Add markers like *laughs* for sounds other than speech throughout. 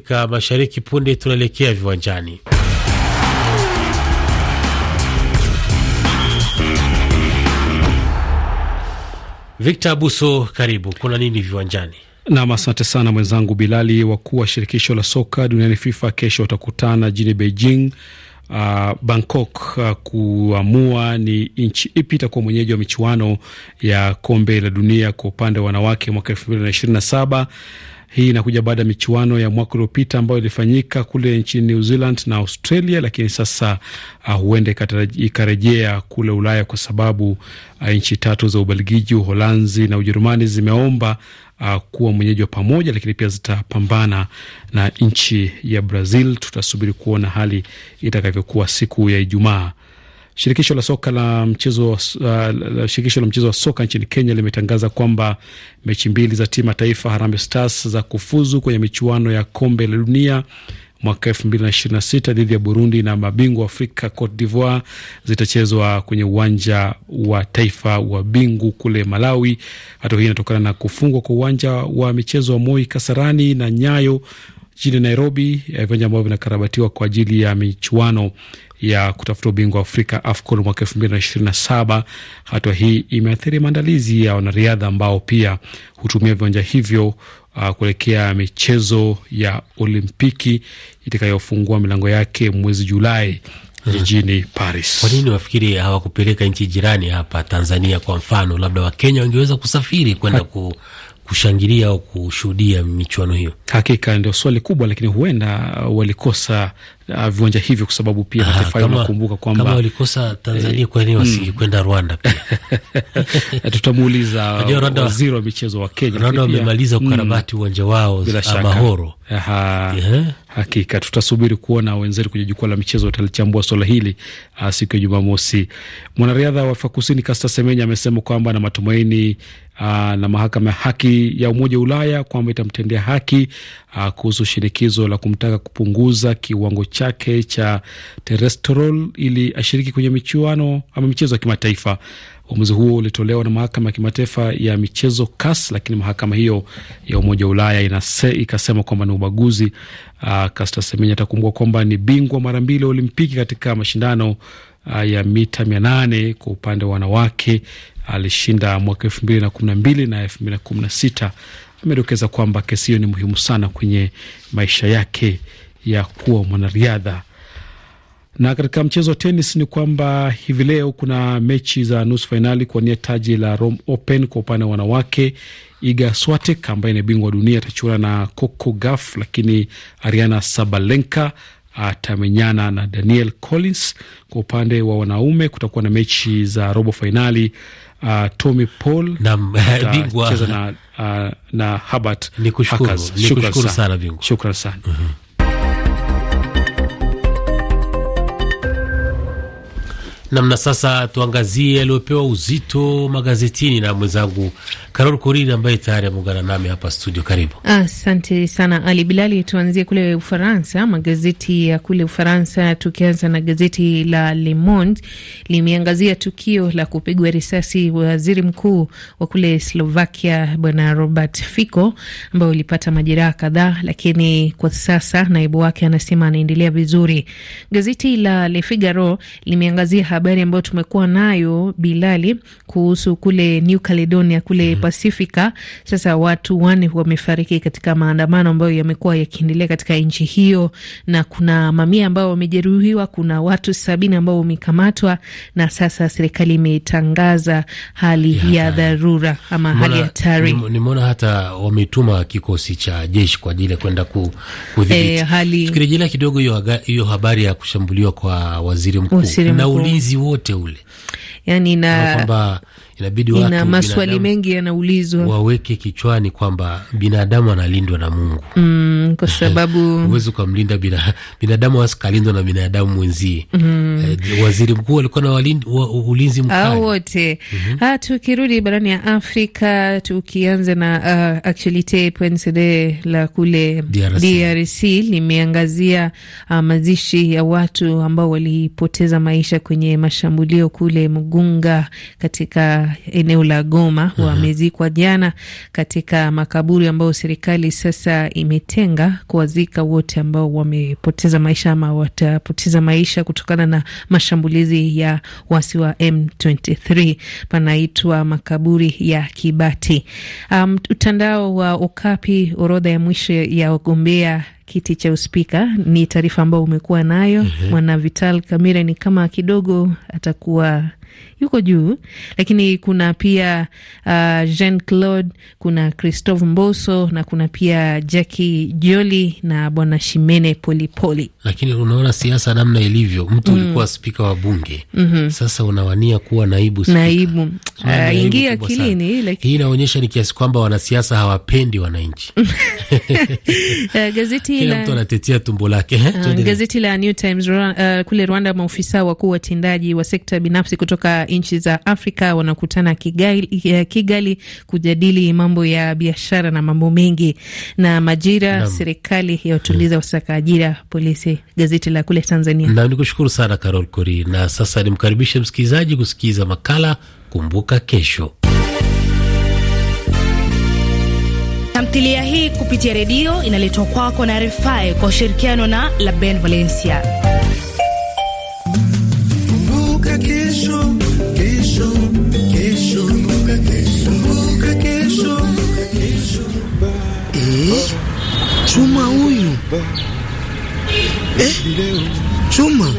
Afrika Mashariki. Punde tunaelekea viwanjani. Victor Abuso, karibu. Kuna nini viwanjani? Nam, asante sana mwenzangu Bilali. Wakuu wa shirikisho la soka duniani FIFA kesho watakutana jini Beijing, uh, Bangkok, uh, kuamua ni nchi ipi itakuwa mwenyeji wa michuano ya kombe la dunia kwa upande wa wanawake mwaka elfu mbili na ishirini na saba. Hii inakuja baada ya michuano ya mwaka uliopita ambayo ilifanyika kule nchini New Zealand na Australia, lakini sasa ah, huenda uh, ikarejea kule Ulaya kwa sababu uh, nchi tatu za Ubelgiji, Uholanzi na Ujerumani zimeomba Uh, kuwa mwenyeji wa pamoja lakini pia zitapambana na nchi ya Brazil. Tutasubiri kuona hali itakavyokuwa siku ya Ijumaa. Shirikisho la soka la mchezo, uh, shirikisho la mchezo wa soka nchini Kenya limetangaza kwamba mechi mbili za timu ya taifa Harambee Stars za kufuzu kwenye michuano ya kombe la dunia mwaka elfu mbili na ishirini na sita dhidi ya Burundi na mabingwa Afrika Cote d'Ivoire zitachezwa kwenye uwanja wa taifa wa Bingu kule Malawi. Hatua hii inatokana na kufungwa kwa uwanja wa michezo wa Moi Kasarani na Nyayo jijini Nairobi eh, viwanja ambavyo vinakarabatiwa kwa ajili ya michuano ya kutafuta ubingwa wa Afrika AFCON mwaka elfu mbili na ishirini na saba. Hatua hii imeathiri maandalizi ya wanariadha ambao pia hutumia viwanja hivyo uh, kuelekea michezo ya Olimpiki itakayofungua milango yake mwezi Julai jijini Paris. Kwa nini wafikiri hawakupeleka nchi jirani hapa Tanzania? Kwa mfano labda Wakenya wangeweza kusafiri kwenda ku kushangilia au kushuhudia michuano hiyo. Hakika ndio swali kubwa, lakini huenda uh, walikosa uh, viwanja hivyo kwa sababu pia mataifa nakumbuka kwamba kama walikosa Tanzania, eh, kwa nini mm. wasingekwenda Rwanda pia? *laughs* Tutamuuliza *laughs* waziri wa michezo wa Kenya. Rwanda wamemaliza mm. ukarabati uwanja wao Amahoro. Hakika tutasubiri kuona wenzetu kwenye jukwaa la michezo watalichambua swala hili ah, siku ya Jumamosi. Mwanariadha wa Afrika Kusini Kasta Semenya amesema kwamba na matumaini Aa, ah, na mahakama ya haki ya Umoja wa Ulaya kwamba itamtendea haki ah, kuhusu shinikizo la kumtaka kupunguza kiwango chake cha terestrol ili ashiriki kwenye michuano ama michezo ya kimataifa. Uamuzi huo ulitolewa na mahakama ya kimataifa ya michezo CAS, lakini mahakama hiyo ya Umoja wa Ulaya inase, ikasema kwamba ni ubaguzi. Uh, ah, Caster Semenya atakumbuka kwamba ni bingwa mara mbili ya Olimpiki katika mashindano uh, ya mita mia nane kwa upande wa wanawake alishinda mwaka elfu mbili na kumi na mbili na elfu mbili na kumi na sita. Amedokeza kwamba kesi hiyo ni muhimu sana kwenye maisha yake ya kuwa mwanariadha na katika mchezo wa tenis ni kwamba hivi leo kuna mechi za nusu fainali kuwania taji la Rome Open kwa upande wa wanawake. Iga Swiatek ambaye ni bingwa wa dunia atachuana na Coco Gauff, lakini Ariana Sabalenka atamenyana na Daniel Collins. Kwa upande wa wanaume kutakuwa na mechi za robo fainali. Uh, Tommy Paul *laughs* atacheza na, uh, na Herbert. Ni kushukuru sana, shukran sana. Mhm. namna. Sasa tuangazie aliopewa uzito magazetini na mwenzangu Karol Kuriri ambaye tayari ameungana nami hapa studio. Karibu. Asante ah, sana Ali Bilali. Tuanzie kule Ufaransa, magazeti ya kule Ufaransa, tukianza na gazeti la Le Monde limeangazia tukio la kupigwa risasi waziri mkuu wa kule Slovakia Bwana Robert Fico ambaye ulipata majeraha kadhaa, lakini kwa sasa naibu wake anasema anaendelea vizuri. Gazeti la Le Figaro limeangazia habari ambayo tumekuwa nayo Bilali kuhusu kule New Caledonia kule mm -hmm. Pasifika. Sasa watu wane wamefariki katika maandamano ambayo yamekuwa yakiendelea katika nchi hiyo, na kuna mamia ambao wamejeruhiwa. Kuna watu sabini ambao wamekamatwa, na sasa serikali imetangaza hali ya, ya dharura ama hali hatari. Nimeona hata wametuma kikosi cha jeshi kwa ajili ya kwenda kudhibiti e, hali. Tukirejelea kidogo hiyo habari ya kushambuliwa kwa waziri mkuu na ulinzi wote ule, yani na kwamba inabidi watu ina maswali mengi yanaulizwa, waweke kichwani kwamba binadamu analindwa na Mungu mm, kwa sababu *laughs* huwezi ukamlinda bina, binadamu asikalindwa na binadamu mwenzie mm. Eh, waziri mkuu alikuwa na ulinzi mkali wote. mm -hmm. Tukirudi barani ya Afrika tukianza na uh, ah, actualite poinsede la kule DRC, DRC limeangazia uh, mazishi ya watu ambao walipoteza maisha kwenye mashambulio kule Mgunga katika eneo la Goma mhm. wamezikwa jana katika makaburi ambayo serikali sasa imetenga kuwazika wote ambao wamepoteza maisha ama watapoteza maisha kutokana na mashambulizi ya wasi wa M23. Panaitwa makaburi ya Kibati. Um, mtandao wa Okapi, orodha ya mwisho ya wagombea kiti cha uspika. Ni taarifa ambayo umekuwa nayo mhm. mwana mm -hmm. Vital Kamera ni kama kidogo atakuwa yuko juu, lakini kuna pia uh, Jean Claude, kuna Christophe Mboso na kuna pia Jackie Joli na Bwana Shimene Polipoli. Lakini unaona siasa namna ilivyo, mtu ulikuwa mm. spika wa bunge mm -hmm. sasa unawania kuwa naibu spika. Naibu aingia ah, akilini lakini... hii inaonyesha ni kiasi kwamba wanasiasa hawapendi wananchi. *laughs* Eh, gazeti kila mtu anatetea tumbo lake. Uh, gazeti la New Times uh, kule Rwanda, maofisa wakuu watendaji wa sekta binafsi kutoka nchi za Afrika wanakutana Kigali, eh, Kigali kujadili mambo ya biashara na mambo mengi na majira. Serikali yautuliza hmm. wasaka ajira polisi, gazeti la kule Tanzania. Na nikushukuru sana Carol Kori, na sasa nimkaribishe msikilizaji kusikiza makala Kumbuka Kesho. Tamthilia hii kupitia redio inaletwa kwako na RFI kwa ushirikiano na La Ben Valencia. Eh? Chuma huyu eh, Chuma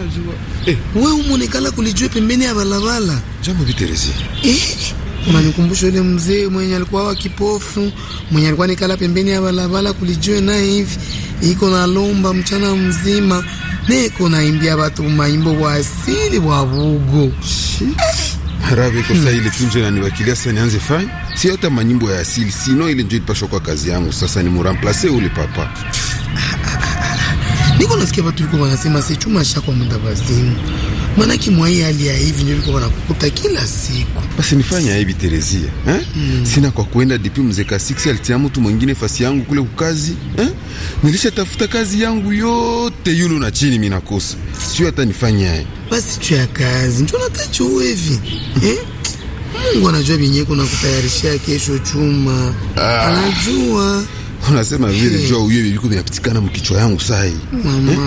eh, wewe umonekana kulijua pembeni ya balabala jambo viterezi eh unanikumbusha yule mzee mwenye alikuwa wa kipofu mwenye alikuwa nikala pembeni ya balabala kulijue naye hivi iko na lomba mchana mzima niko naimbia watu maimbo wa asili wa bugo rabi kwa sasa ile tunje na niwakilia sasa nianze fanya si hata manyimbo ya asili sino ile ndio ilipashwa kwa kazi yangu sasa ni muramplace ule papa ah, ah, ah, niko nasikia watu walikuwa wanasema si chuma cha kwa muda Maanake mwai hii hali ya hivi ndio ilikuwa wanakukuta kila siku. Basi nifanya hivi Terezia, eh? Mm. Sina kwa kuenda dipi mzeka 6 alitia mtu mwingine fasi yangu kule kukazi, eh? nilishatafuta kazi yangu yote yule na chini mimi nakosa. Sio hata nifanya haya. Basi tu ya kazi. Ndio natacho hivi. Eh? Mungu anajua binyeko na kutayarishia kesho chuma. Ah. Anajua unasema vile jua uye viko vinapitikana mkichwa yangu sai eh?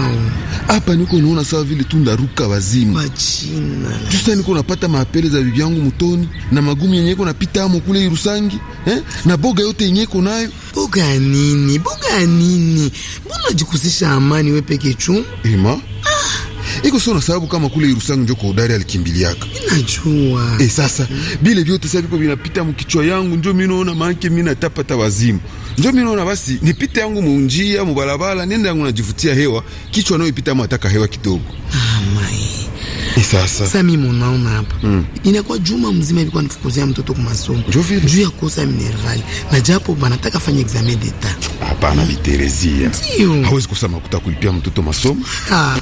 hapa eh? Niko naona sawa vile tunda ruka wazimu tusa niko napata mapele za bibi yangu mutoni na magumu yenye iko napita amo kule Irusangi eh? na boga yote yenye iko nayo boga nini, boga nini, mbona jikusisha amani we peke chuma ima iko sio na sababu kama kule Irusangu njo kwa udari alikimbiliaka. Najua. Eh, sasa bile vyote sasa viko vinapita mkichwa yangu njo mimi naona maanake mimi natapa tawazimu. Njo mimi naona basi nipite yangu munjia mubalabala nenda yangu najivutia hewa kichwa nayo ipita mataka hewa kidogo. Ah, mai. Eh, sasa sasa mimi naona hapa mm. inakuwa juma mzima ilikuwa nifukuzia mtoto kwa masomo vile juu ya kosa minervali, na japo banataka fanye examen d'etat. Hapana, mm. Biterezia hawezi kusema kutakulipia mtoto masomo ah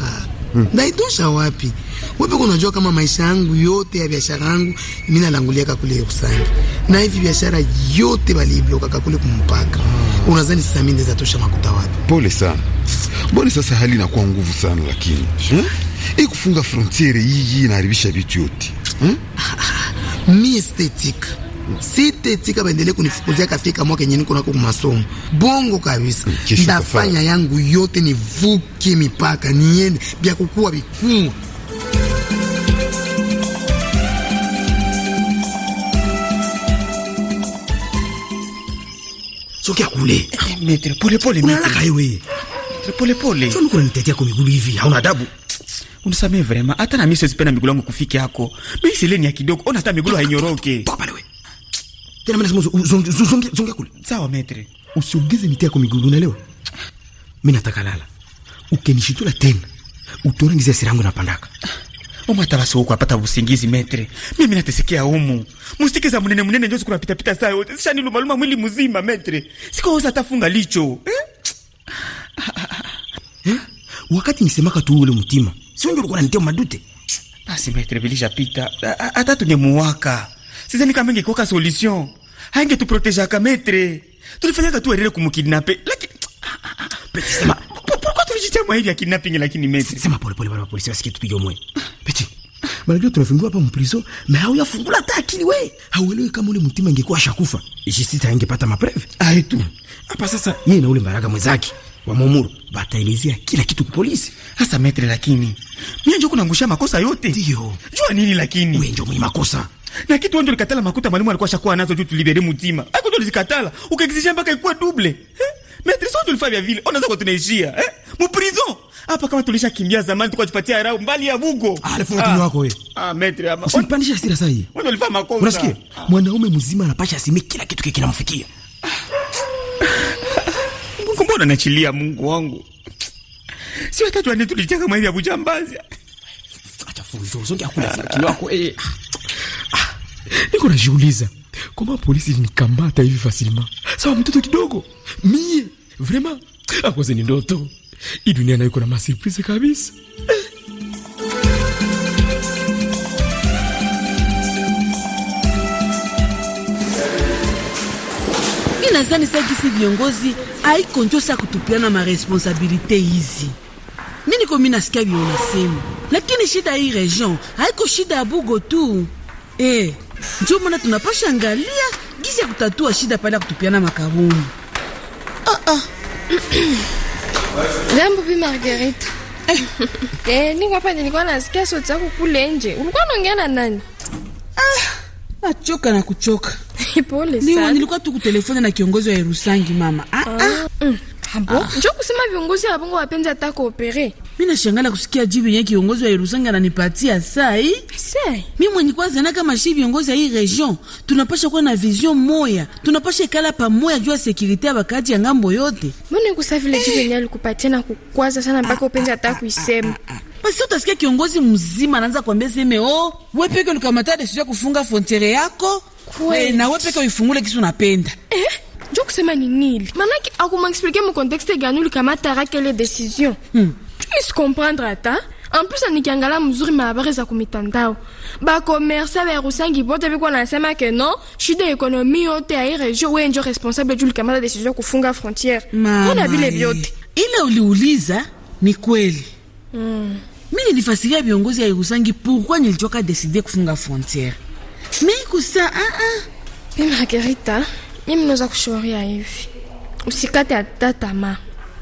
hmm. Ndaitosha wapi? Wewe unajua kama maisha yangu yote ya biashara yangu mimi nalangulia kakule kusangi. Na hivi biashara yote balibloka kakule kumpaka. Unadhani sasa mimi naweza tosha makuta wapi? Pole sana. Mbona sasa hali inakuwa nguvu sana lakini. Eh? Hii kufunga frontiere hii inaharibisha vitu yote. Eh? Ah, ah, ah. Mi estetika site tika baendelee kunifukuzia katika mwaka yenye niko nako kumasomo bongo kabisa. Mm, Ndafanya yangu yote nivuke mipaka niende bya kukuwa vikuu sokia kule eh, metre pole pole, mimi nalaka wewe metre pole pole, sio niko nitetea kwa miguu hivi, hauna adabu. Unisamee vrema, hata na mimi siwezi penda miguu yangu kufiki yako. Mimi sileni ya kidogo, ona hata miguu hainyoroke. Topa tena mimi nasema uzongea kule. Sawa metre. Usiongeze miti yako miguu unaelewa? Mimi nataka lala. Ukenishitula tena. Utore ngizi asira yangu napandaka. Omo atabaso huko apata usingizi metre. Mimi natesikia humu, Mustiki za munene munene ndio sikuna pita pita saa yote. Sasa ni mwili mzima metre. Sikooza atafunga licho. Eh? *laughs* Eh? Wakati nisemaka tu ule mtima. Sio ndio ulikuwa unanitia madute. Basi metre bilisha pita. Hata tunyemuwaka. Sizani kama ingekuwa solution, haingetuproteja kametre. Tulifanyaka tu erere kumkidnape, lakini *tsk* Peti, sema pourquoi tulijitia hivi ya kidnapping, lakini metre, sema pole pole, bwana polisi wasikie tupige moyo. Peti, ah, malgré tunafungiwa hapa mprizo, na hao yafungula hata akili we. Hauelewi kama ule mtima ingekuwa shakufa, jisita ingepata mapreve aye tu hmm. hapa sasa. Yeye na ule mbaraka mwenzake wa Momuru bataelezea kila kitu kwa polisi hasa metre, lakini mimi ndio kunangusha makosa yote. Ndio jua nini, lakini wewe ndio mwenye makosa na kitu wao likatala makuta mwalimu alikuwa shakuwa nazo juu tulibere mutima hapo ndio zikatala ukaexisha mpaka ikuwa double eh? Maître sio tulifanya vya vile, unaweza kwa tunaishia eh, mu hapa kama tulisha kimbia zamani, tukwa tupatia rao mbali ya bugo. Ah, alifunga kinywa wako we Ah, ah metri ama usipandisha hasira sasa hii, wewe ulifanya makosa. Unasikia mwanaume mzima anapasha asimi kila kitu kile mfikia Mungu, mbona nachilia? Mungu wangu, si wakati wani kama mali ya bujambazi. Acha fuzo zongi akula kinywa wako eh Niko najiuliza koma polisi nikamata hivi fasilima sawa mtoto kidogo mie vraiment akwaze ni ndoto hii dunia naiko na masurprise kabisa. Nazani sagisi viongozi aiko njo sa kutupiana maresponsabilite hizi. Mi niko mi nasikia vionasema, lakini shida hii region haiko shida ya bugo tu eh. Ndio maana tunapasha angalia jinsi ya kutatua shida pale ya kutupiana makabuni. Oh, ah, oh. Ah. Jambo bi Margarita. *laughs* Eh, ni niko hapa nilikuwa nasikia sauti zako kule nje. Ulikuwa unaongea na nani? Ah, achoka na kuchoka. *laughs* Pole sana. Ni Nilikuwa tu kutelefona na kiongozi wa Erusangi mama. Ah, ah. ah. Mm. Ah. Njo kusema viongozi wa bongo wapenzi hata koopere. Mimi nashangala kusikia jibu yenye kiongozi wa Irusanga ananipatia saa hii. Sai. Mimi mwenye kwanza na kama shi viongozi ya hii region, tunapasha kuwa na vision moya. Tunapasha kala pamoja juu ya security ya wakati ya ngambo yote. Mbona nikusa vile jibu eh. yenye alikupatia na kukwaza sana ah, mpaka upenzi hata ah, ah, kuisema. Basi utasikia kiongozi mzima anaanza kuambia sema, "Oh, wewe peke ulikamata decision kufunga frontiere yako." Kwe. Eh, na wewe peke uifungule kisu unapenda. Eh? njo kusema ni nini? contexte akumaexplike mukontekste gani ulikamata kele decision hmm. comprendre ata en plus nikiangalia mzuri mahabari za kumitandao bakomersa bayakusangi bote biko nasema ke no shida ekonomi yote ya iregio we njo responsable juu likamata decision kufunga frontiere ona vile vyote ile uliuliza ni kweli mm. mi nilifasiria viongozi ya ikusangi pourkui nilichoka deside kufunga frontiere mi kusa aa ah, ah. Margarita hein. Mimi naweza kushauria hivi, usikate hata tamaa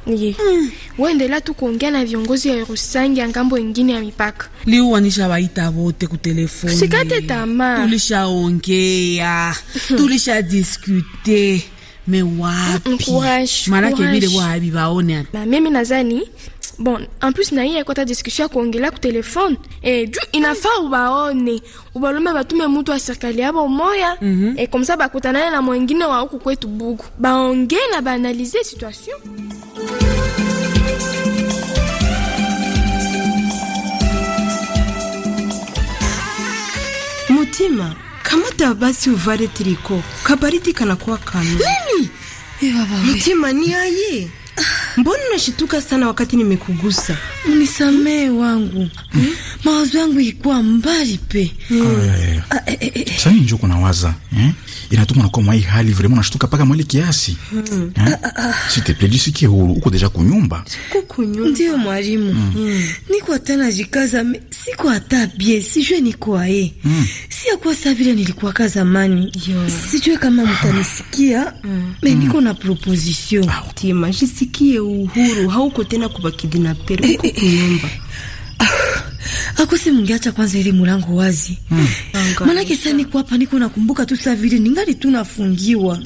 ye mm. Waendelea tu kuongea na viongozi ya Rusangi ya ngambo ingine ya mipaka. Leo wanishawaita wote kutelefoni. Usikate tamaa, tulishaongea *laughs* tulishadiskute me wapi, maanake vile wapi waone. Na mimi nadhani Bon, en plus eh, na hii yakwata diskusio ya kuongelea kutelefone e, juu inafaa ubaone ubalome batume mutu wa serikali yabo moya mm -hmm. E, komsa bakutanane na mwengine wa huku kwetu buku baonge na baanalize situation mutima kamata basi uvare triko kabaridi kanakuwa kanu nini eh, mutima ni aye Mbona unashituka sana wakati nimekugusa? Unisamee wangu hmm? mawazo yangu ilikuwa mbali pe hmm. Ah, ah, eh, eh, eh. Sasa njo kuna waza eh? inatuma nakuwa mwai hali vrema unashituka mpaka mwili kiasi hmm. eh? Ah, siteple jisikie huru, uko deja kunyumba, kunyumba. Ndiyo mwalimu hmm. niko tena jikaza me siko hata bie, sijue kwa e mm. siakuwa saa vile nilikuwaka zamani, sijue kama mtanisikia mm. me hmm. niko mm. na proposition ah, tima, jisikie uhuru, hauko tena kubakidinaperi eh, uko eh, eh. kunyumba ah, akose mungeacha kwanza ili mulango wazi mm. Manake sasa niko hapa, niko nakumbuka tu saa vile ningali tunafungiwa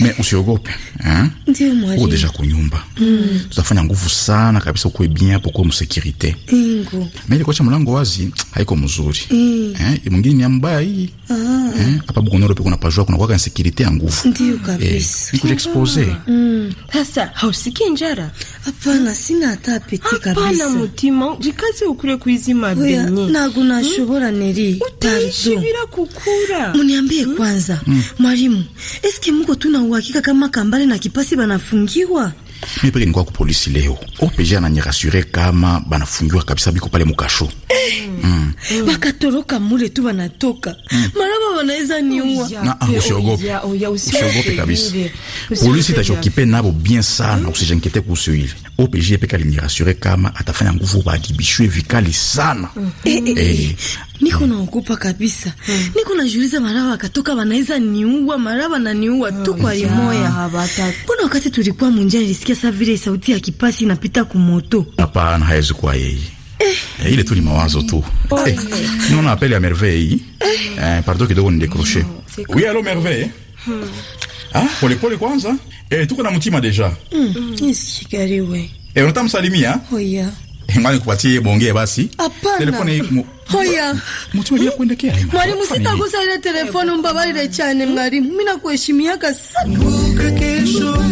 Me usiogope eh? Ndio mwalimu, uko deja kunyumba mm. Tutafanya nguvu sana kabisa ukue bien hapo, kwa msekirite ingo mimi kocha mlango wazi haiko mzuri mm. eh mwingine ni mbaya hii ah. eh hapa buko noro kuna pajua kuna kwa sekirite ya nguvu ndio eh, kabisa eh, expose mm. Sasa hausiki njara hapana, sina hata apeti kabisa hapana, mutima jikaze ukule kuizima benye na guna hmm? shuhura neri utaishi bila kukura muniambie mm. kwanza mm. mwalimu eske muko tuna una uhakika kama Kambale na Kipasi banafungiwa? Mimi peke nikuwa ku polisi leo. OPG ananyirasure kama banafungiwa kabisa biko pale mukasho. Bakatoroka eh. mm. mule tu banatoka. Mm wanaweza niua. Ah, usiogope, usiogope kabisa. Polisi itachokipe nabo bien sana, usijenkete kuhusu hili. OPJ peka liniasure kama atafanya nguvu waadibishwe vikali sana. Eh, eh, eh. Niko naogopa kabisa, hmm. niko najiuliza, mara wakatoka wanaweza niua, mara wananiua tu kwa limoya. Hmm. Ah, Mbona wakati tulikuwa munjani nilisikia saa vile sauti ya kipasi inapita kumoto? Hapana, haiwezi kuwa yeye Eh, ile tu ni mawazo tu. Hey, eh, nous on appelle à merveille. Eh. eh, pardon kidogo ni décroché. Hmm, oui, allô merveille. Hmm. Ah, pole pole kwanza. Eh, tuko na mutima deja. Mm. Nisikari we. Eh, unatamsalimia? Hein? Oh eh, yeah. Ngani kupatie bongee basi. Hapana. Telefone Hoya. Mtume ya kuendekea. Mwalimu sitagusa ile telefoni mbabalile chane mwalimu. Mimi nakuheshimiaka sana. Kesho.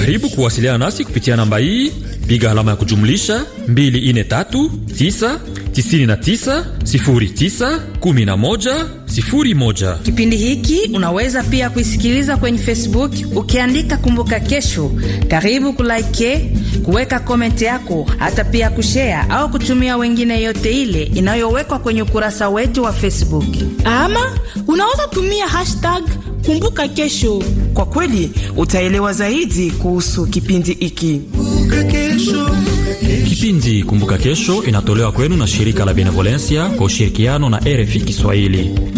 Karibu kuwasiliana nasi kupitia namba hii, piga alama ya kujumlisha 24399091101. Kipindi hiki unaweza pia kuisikiliza kwenye Facebook ukiandika Kumbuka Kesho. Karibu kulike, kuweka komenti yako, hata pia kushea au kutumia wengine, yote ile inayowekwa kwenye ukurasa wetu wa Facebook, ama unaweza tumia hashtag Kumbuka Kesho. Kwa kweli utaelewa zaidi kuhusu kipindi hiki. Kipindi Kumbuka Kesho inatolewa kwenu na shirika la Benevolencia kwa ushirikiano na RFI Kiswahili.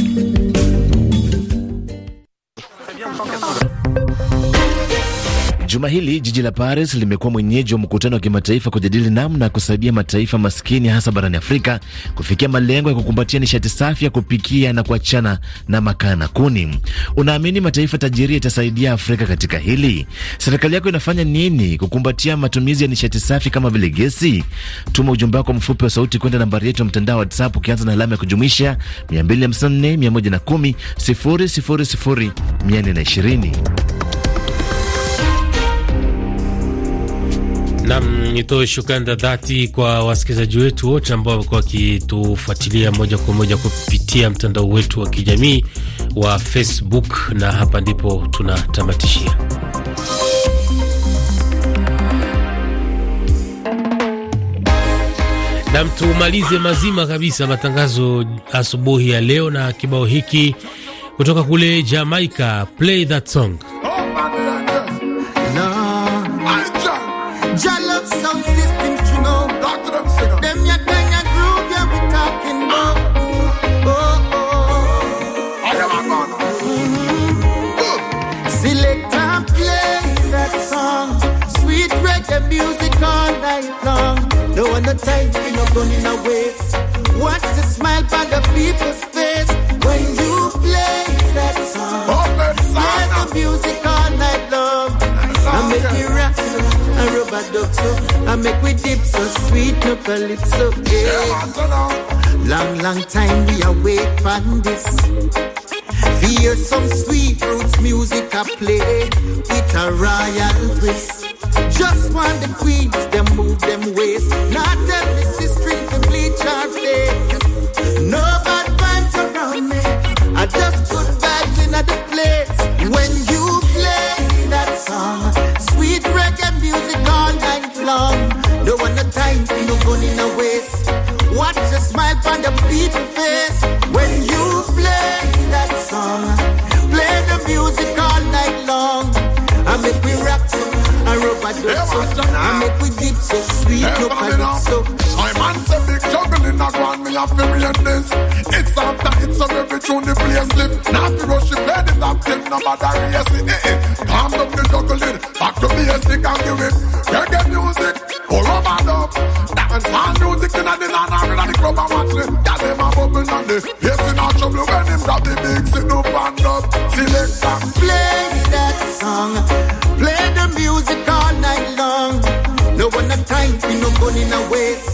Juma hili jiji la Paris limekuwa mwenyeji wa mkutano wa kimataifa kujadili namna ya kusaidia mataifa maskini hasa barani Afrika kufikia malengo ya kukumbatia nishati safi ya kupikia na kuachana na makaa na kuni. Unaamini mataifa tajiri yatasaidia Afrika katika hili? Serikali yako inafanya nini kukumbatia matumizi ya nishati safi kama vile gesi? Tuma ujumbe wako mfupi wa sauti kwenda nambari yetu ya mtandao wa WhatsApp ukianza na alama ya kujumuisha 254 110 000 420. Nam nitoe shukrani za dhati kwa wasikilizaji wetu wote ambao wamekuwa wakitufuatilia moja kwa moja kupitia mtandao wetu wa kijamii wa Facebook, na hapa ndipo tunatamatishia nam. Tumalize mazima kabisa matangazo asubuhi ya leo na kibao hiki kutoka kule Jamaica, play that song. No one no time to be no gun in a waste. Watch the smile by the people's face when you play that song. Play the music all night long. I make you rock so, I rub a duck so, I make we dip so sweet no calypso. Yeah. Long long time we awake on this. Hear some sweet roots music I play with a royal twist. Just want the queens, them move them ways. Not tell me history to bleach our face. No bad vibes around me. I just put. me have to be this. It's after it's a every tune the place live. Not to rush the bed in that tip, no matter race it. Eh, eh. Palm up the juggling, back to basic and give it. Reggae music, or rub and up. Dance and music in the land, I'm in the club I'm watching. Got them a bubble and the, yes, in our trouble when him got the big sit up and up. Select and play that song. Play the music all night long. No one a time, we no going in waste.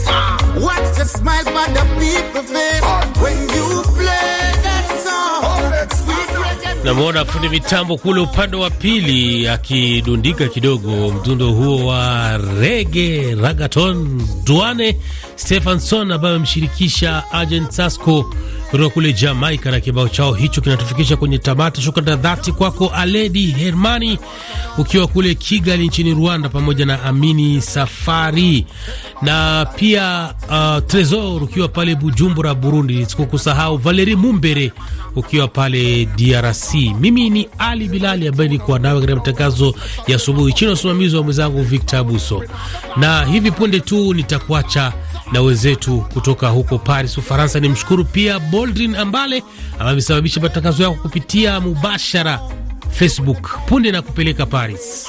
Just smiles by the people face when you play that song. Namwona fundi mitambo kule upande wa pili akidundika kidogo mdundo huo wa rege ragaton duane Stefanson ambayo amemshirikisha Agent Sasco kutoka kule Jamaica, na kibao chao hicho kinatufikisha kwenye tamati. Shukrani za dhati kwako Aledi Hermani ukiwa kule Kigali nchini Rwanda, pamoja na Amini Safari na pia uh, Tresor ukiwa pale Bujumbura Burundi. Sikukusahau Valeri Mumbere ukiwa pale DRC. Mimi ni Ali Bilali ambaye nikuwa nawe katika matangazo ya asubuhi chini ya usimamizi wa mwenzangu Victor Buso, na hivi punde tu nitakuacha na wenzetu kutoka huko Paris, Ufaransa. Ni mshukuru pia Boldrin Ambale ambaye amesababisha matangazo yako kupitia mubashara Facebook punde na kupeleka Paris.